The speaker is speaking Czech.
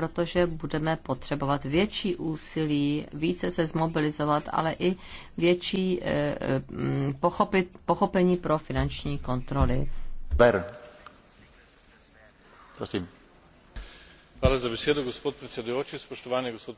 protože budeme potřebovat větší úsilí, více se zmobilizovat, ale i větší eh, eh, pochopit, pochopení pro finanční kontroly. Ber. Prosím. Hvala za besedo, gospod predsedujoči, spoštovani gospod